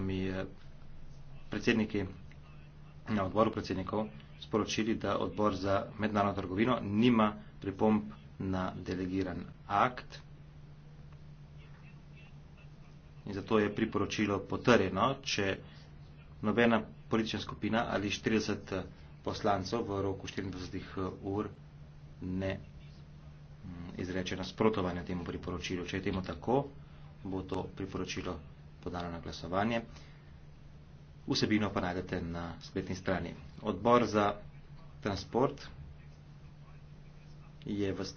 mi eh, predsedniki na odboru predsednikov sporočili, da odbor za mednarodno trgovino nima pripomp na delegiran akt. In zato je priporočilo potrjeno, če nobena politična skupina ali 40 eh, poslancov v roku 24 eh, ur ne mm, izreče nasprotovanja temu priporočilu. Če je temu tako, bo to priporočilo potrjeno podano na glasovanje. Vsebino pa najdete na spletni strani. Odbor za transport je v skrbi.